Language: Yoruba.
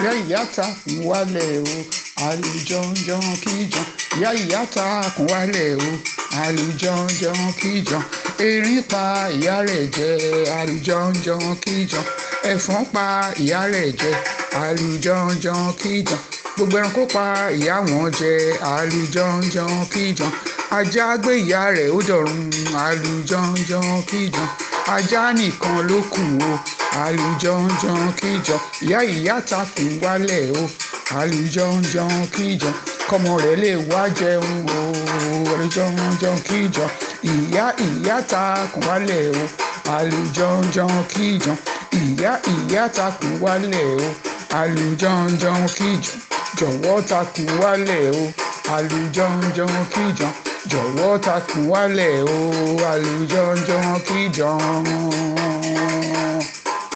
ìyá ìyá ta kùn wálẹ̀ o àlùjọ̀njọ̀n kíjọ̀n ìyá ìyá ta kùn wálẹ̀ o àlùjọ̀njọ̀n kíjọ̀n erin pa ìyá rẹ̀ jẹ àlùjọ̀njọ̀n kíjọ̀n ẹ̀fọn pa ìyá rẹ̀ jẹ àlùjọ̀njọ̀n kíjọ̀n gbogbo ẹranko pa ìyá wọn jẹ àlùjọ̀njọ̀n kíjọ̀n ajá gbé ìyá rẹ̀ ó dọ̀run àlùjọ̀njọ̀n kíjọ̀n ajá nìkan ló kù o àlùjọ̀njọ̀n kíjọ ìyá ìyá ta kù wálẹ̀ o àlùjọ̀njọ̀n kíjọ kọ́mọ rẹ̀ lè wá jẹun o àlùjọ̀njọ̀n kíjọ ìyá ìyá ta kù wálẹ̀ o àlùjọ̀njọ̀n kíjọ ìyá ìyá ta kù wálẹ̀ o àlùjọ̀njọ̀n kíjọ jọ̀wọ́ ta kù wálẹ̀ o àlùjọ̀njọ̀n kíjọ jọ̀wọ́ takùn wálẹ̀ o àlùjọ̀njọ̀n kíjọ̀n.